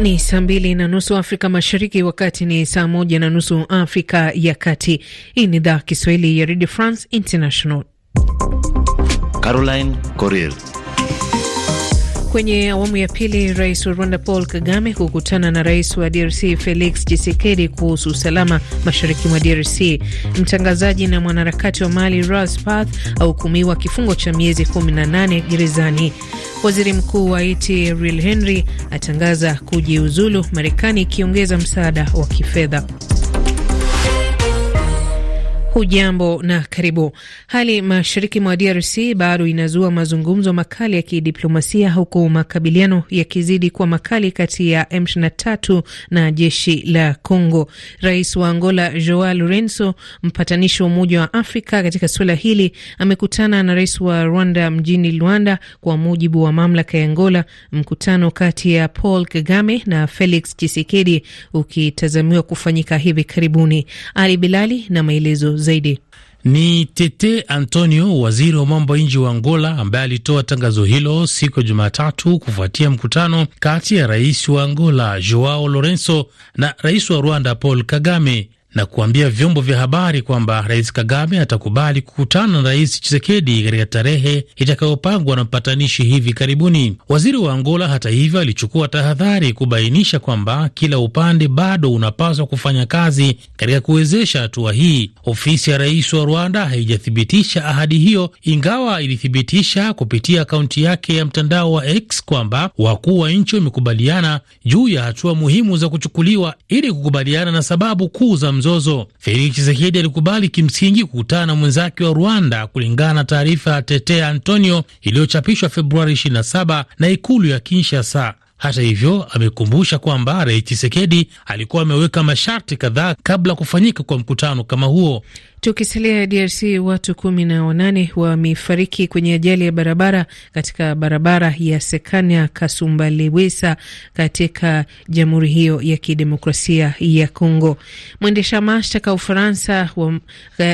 Ni saa mbili na nusu Afrika Mashariki, wakati ni saa moja na nusu Afrika ya Kati. Hii ni idhaa Kiswahili ya Radio France International. Caroline Coril Kwenye awamu ya pili, rais wa Rwanda Paul Kagame kukutana na rais wa DRC Felix Tshisekedi kuhusu usalama mashariki mwa DRC. Mtangazaji na mwanaharakati wa Mali Ras Path ahukumiwa kifungo cha miezi 18 gerezani. Waziri mkuu wa Haiti Ariel Henry atangaza kujiuzulu, Marekani ikiongeza msaada wa kifedha. Hujambo na karibu. Hali mashariki mwa DRC bado inazua mazungumzo makali ya kidiplomasia huku makabiliano yakizidi kuwa makali kati ya M23 na jeshi la Congo. Rais wa Angola Joao lorenzo mpatanishi wa Umoja wa Afrika katika suala hili, amekutana na rais wa Rwanda mjini Luanda. Kwa mujibu wa mamlaka ya Angola, mkutano kati ya Paul Kagame na Felix Tshisekedi ukitazamiwa kufanyika hivi karibuni. Ali Bilali na maelezo zaidi. Ni Tete Antonio, waziri wa mambo ya nje wa Angola, ambaye alitoa tangazo hilo siku ya Jumatatu kufuatia mkutano kati ya rais wa Angola Joao Lorenzo na rais wa Rwanda Paul Kagame na kuambia vyombo vya habari kwamba Rais Kagame atakubali kukutana na Rais Chisekedi katika tarehe itakayopangwa na mpatanishi hivi karibuni. Waziri wa Angola, hata hivyo, alichukua tahadhari kubainisha kwamba kila upande bado unapaswa kufanya kazi katika kuwezesha hatua hii. Ofisi ya rais wa Rwanda haijathibitisha ahadi hiyo, ingawa ilithibitisha kupitia akaunti yake ya mtandao wa X kwamba wakuu wa nchi wamekubaliana juu ya hatua muhimu za kuchukuliwa ili kukubaliana na sababu kuu za mzozo. Felix Chisekedi alikubali kimsingi kukutana na mwenzake wa Rwanda kulingana na taarifa ya Tetea Antonio iliyochapishwa Februari 27 na ikulu ya Kinshasa. Hata hivyo amekumbusha kwamba Rais chisekedi alikuwa ameweka masharti kadhaa kabla kufanyika kwa mkutano kama huo. Tukisalia DRC, watu kumi na wanane wamefariki kwenye ajali ya barabara katika barabara ya Sekania Kasumbalewesa katika jamhuri hiyo ya kidemokrasia ya congo Mwendesha mashtaka Ufaransa wa,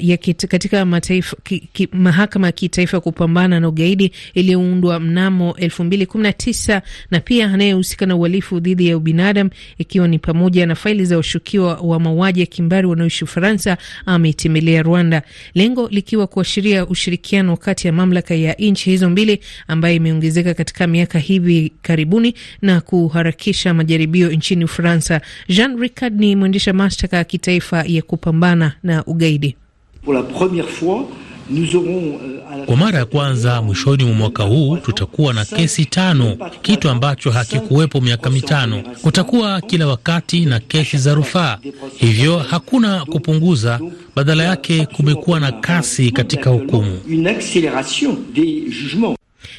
ya katika mataifa, ki, ki, mahakama ya kitaifa ya kupambana na ugaidi iliyoundwa mnamo elfu mbili kumi na tisa na pia anayehusika na uhalifu dhidi ya ubinadam ikiwa ni pamoja na faili za washukiwa wa mauaji ya kimbari wanaoishi Ufaransa ametimili mbele ya Rwanda, lengo likiwa kuashiria ushirikiano kati ya mamlaka ya nchi hizo mbili ambayo imeongezeka katika miaka hivi karibuni na kuharakisha majaribio nchini Ufaransa. Jean Ricard ni mwendesha mashtaka ya kitaifa ya kupambana na ugaidi. Pour la première fois Euh, Kwa mara ya kwanza mwishoni mwa mwaka huu tutakuwa na kesi tano, kitu ambacho hakikuwepo miaka mitano. Kutakuwa kila wakati na kesi za rufaa, hivyo hakuna kupunguza, badala yake kumekuwa na kasi katika hukumu.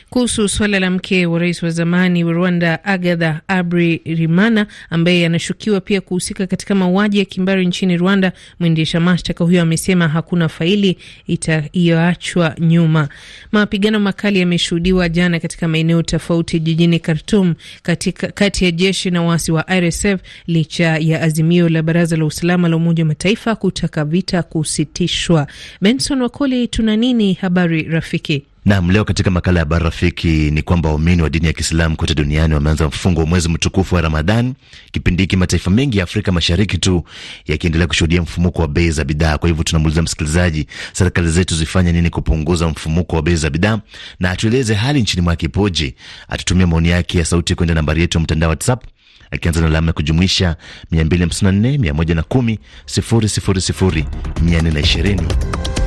Kuhusu suala la mke wa rais wa zamani wa Rwanda Agatha rimana ambaye anashukiwa pia kuhusika katika mauaji ya kimbari nchini Rwanda, mwendesha mashtaka huyo amesema hakuna faili itayoachwa nyuma. Mapigano makali yameshuhudiwa jana katika maeneo tofauti jijini Khartum kati ya jeshi na waasi wa RSF licha ya azimio la Baraza la Usalama la Umoja wa Mataifa kutaka vita kusitishwa. Benson Wakoli, tuna nini habari rafiki? Nam, leo katika makala ya Habari Rafiki ni kwamba waumini wa dini ya Kiislamu kote duniani wameanza mfungo wa mwezi mtukufu wa Ramadhan, kipindi hiki mataifa mengi ya Afrika Mashariki tu yakiendelea kushuhudia mfumuko wa bei za bidhaa. Kwa hivyo tunamuuliza msikilizaji, serikali zetu zifanye nini kupunguza mfumuko wa bei za bidhaa, na atueleze hali nchini mwake ipoje. Atutumia maoni yake ya sauti kwenda nambari yetu ya mtandao WhatsApp akianza na alama ya kujumuisha 254 110 000 420.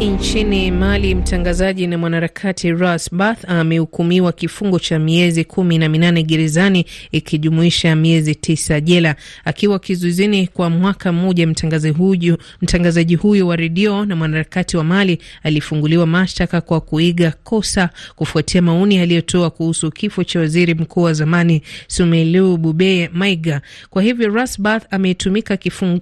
Nchini Mali, mtangazaji na mwanaharakati Ras Bath amehukumiwa kifungo cha miezi kumi na minane gerezani ikijumuisha miezi tisa jela akiwa kizuizini kwa mwaka mmoja. Mtangazaji huyu, mtangazaji huyu wa redio na mwanaharakati wa Mali alifunguliwa mashtaka kwa kuiga kosa kufuatia maoni aliyotoa kuhusu kifo cha waziri mkuu wa zamani sumelu Bube Maiga. Kwa hivyo Ras Bath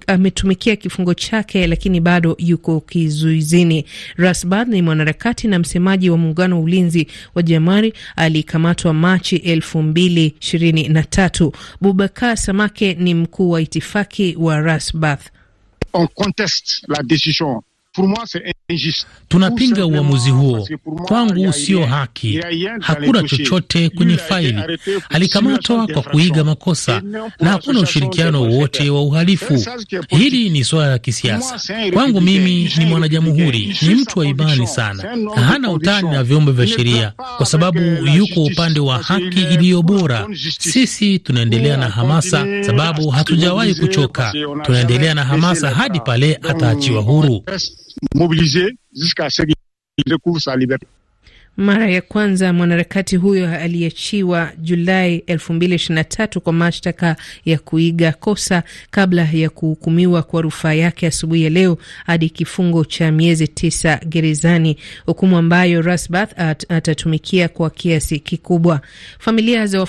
ametumikia kifungo chake, lakini bado yuko kizuizini. Rasbad ni mwanaharakati na msemaji wa muungano wa ulinzi wa Jamari alikamatwa Machi elfu mbili ishirini na tatu. Bubakar Samake ni mkuu wa itifaki wa rasbath On conteste la decision Tunapinga uamuzi huo, kwangu sio haki. Hakuna chochote kwenye faili. Alikamatwa kwa kuiga makosa na hakuna ushirikiano wowote wa uhalifu. Hili ni suala la kisiasa. Kwangu mimi, ni mwanajamhuri, ni mtu wa imani sana, hana utani na vyombo vya sheria, kwa sababu euh, yuko upande wa haki iliyo bora. Sisi tunaendelea na hamasa, sababu hatujawahi kuchoka. Tunaendelea na hamasa hadi pale ataachiwa huru. Mobilisé jusqu'à ce qu'il découvre sa liberté. Mara ya kwanza mwanaharakati huyo aliachiwa Julai 2023 kwa mashtaka ya kuiga kosa kabla ya kuhukumiwa kwa rufaa yake asubuhi ya leo hadi kifungo cha miezi tisa gerezani, hukumu ambayo Rasbath at, atatumikia kwa kiasi kikubwa. Familia za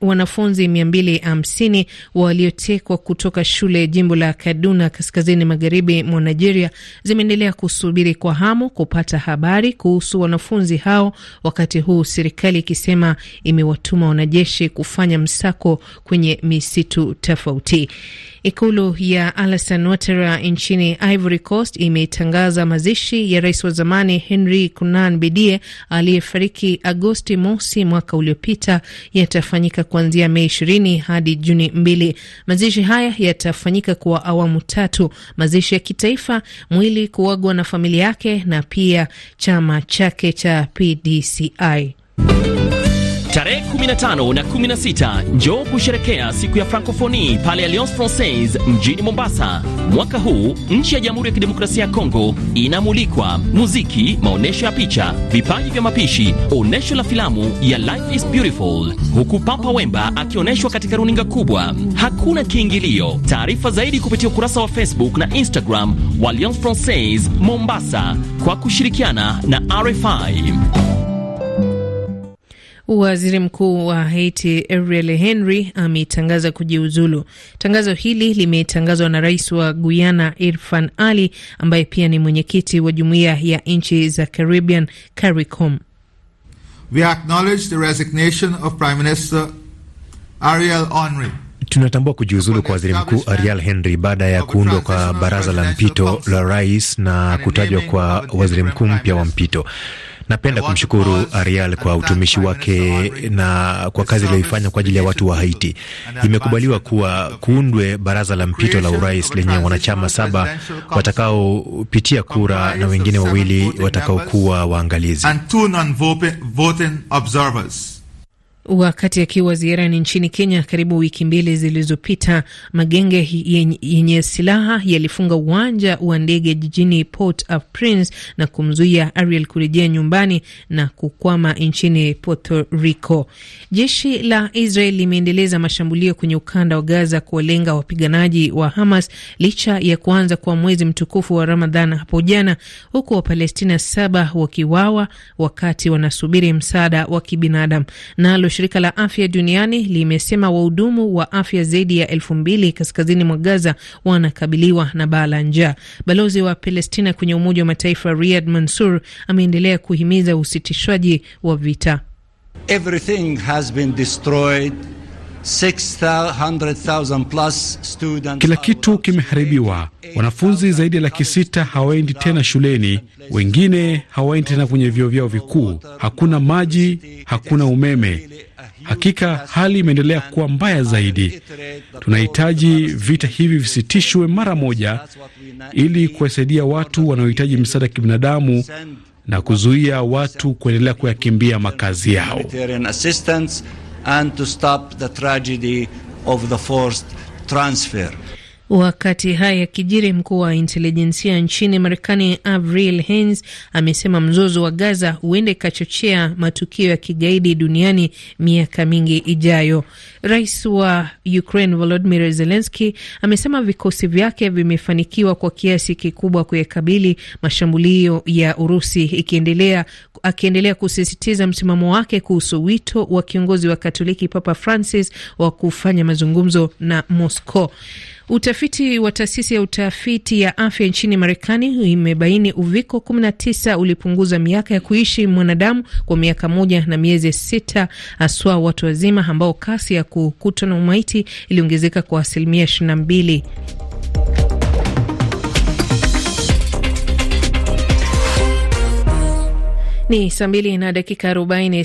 wanafunzi 250 waliotekwa kutoka shule jimbo la Kaduna kaskazini magharibi mwa Nigeria zimeendelea kusubiri kwa hamu kupata habari kuhusu wanafunzi hao wakati huu serikali ikisema imewatuma wanajeshi kufanya msako kwenye misitu tofauti. Ikulu ya Alassane Ouattara nchini Ivory Coast imetangaza mazishi ya rais wa zamani henry Konan Bedie aliyefariki Agosti mosi mwaka uliopita yatafanyika kuanzia Mei ishirini hadi Juni mbili. Mazishi haya yatafanyika kwa awamu tatu: mazishi ya kitaifa, mwili kuagwa na familia yake, na pia chama chake cha DCI. Tarehe 15 na 16 njoo kusherekea siku ya Francophonie pale Alliance Francaise mjini Mombasa. Mwaka huu nchi ya Jamhuri ya Kidemokrasia ya Kongo inamulikwa muziki, maonyesho ya picha, vipaji vya mapishi, onyesho la filamu ya Life is Beautiful, huku Papa Wemba akionyeshwa katika runinga kubwa. Hakuna kiingilio. Taarifa zaidi kupitia ukurasa wa Facebook na Instagram wa Alliance Francaise Mombasa, kwa kushirikiana na RFI. Waziri mkuu wa Haiti Ariel Henry ametangaza kujiuzulu. Tangazo hili limetangazwa na rais wa Guyana Irfan Ali ambaye pia ni mwenyekiti wa jumuiya ya nchi za Caribbean, CARICOM. We acknowledge the resignation of Prime Minister Ariel Henry. Tunatambua kujiuzulu kwa waziri mkuu Ariel Henry baada ya kuundwa kwa baraza la mpito la rais na kutajwa kwa waziri mkuu mpya wa mpito. Napenda kumshukuru Ariel kwa utumishi wake na kwa kazi iliyoifanya kwa ajili ya watu wa Haiti. Imekubaliwa kuwa kuundwe baraza la mpito la urais lenye wanachama saba watakaopitia kura na wengine wawili watakaokuwa waangalizi. Wakati akiwa ziarani nchini Kenya karibu wiki mbili zilizopita, magenge yenye silaha yalifunga uwanja wa ndege jijini Port au Prince na kumzuia Ariel kurejea nyumbani na kukwama nchini Puerto Rico. Jeshi la Israel limeendeleza mashambulio kwenye ukanda wa Gaza kuwalenga wapiganaji wa Hamas licha ya kuanza kwa mwezi mtukufu wa Ramadhan hapo jana, huku Wapalestina saba wakiwawa wakati wanasubiri msaada wa kibinadamu nalo Shirika la Afya Duniani limesema wahudumu wa afya zaidi ya elfu mbili kaskazini mwa Gaza wanakabiliwa na baa la njaa. Balozi wa Palestina kwenye Umoja wa Mataifa Riyad Mansur ameendelea kuhimiza usitishwaji wa vita. Everything has been destroyed. Kila kitu kimeharibiwa. Wanafunzi zaidi ya laki sita hawaendi tena shuleni, wengine hawaendi tena kwenye vyuo vyao vikuu. Hakuna maji, hakuna umeme. Hakika hali imeendelea kuwa mbaya zaidi. Tunahitaji vita hivi visitishwe mara moja, ili kuwasaidia watu wanaohitaji msaada ya kibinadamu na kuzuia watu kuendelea kuyakimbia makazi yao. and to stop the tragedy of the forced transfer. Wakati haya kijiri mkuu wa intelijensia nchini Marekani Avril Haines amesema mzozo wa Gaza huenda ikachochea matukio ya kigaidi duniani miaka mingi ijayo. Rais wa Ukraine volodimir zelenski amesema vikosi vyake vimefanikiwa kwa kiasi kikubwa kuyakabili mashambulio ya Urusi, ikiendelea akiendelea kusisitiza msimamo wake kuhusu wito wa kiongozi wa Katoliki Papa Francis wa kufanya mazungumzo na Moscow. Utafiti wa taasisi ya utafiti ya afya nchini Marekani imebaini uviko 19 ulipunguza miaka ya kuishi mwanadamu kwa miaka moja na miezi sita, haswa watu wazima ambao kasi ya kukutwa na umaiti iliongezeka kwa asilimia 22. Ni saa mbili na dakika arobaini.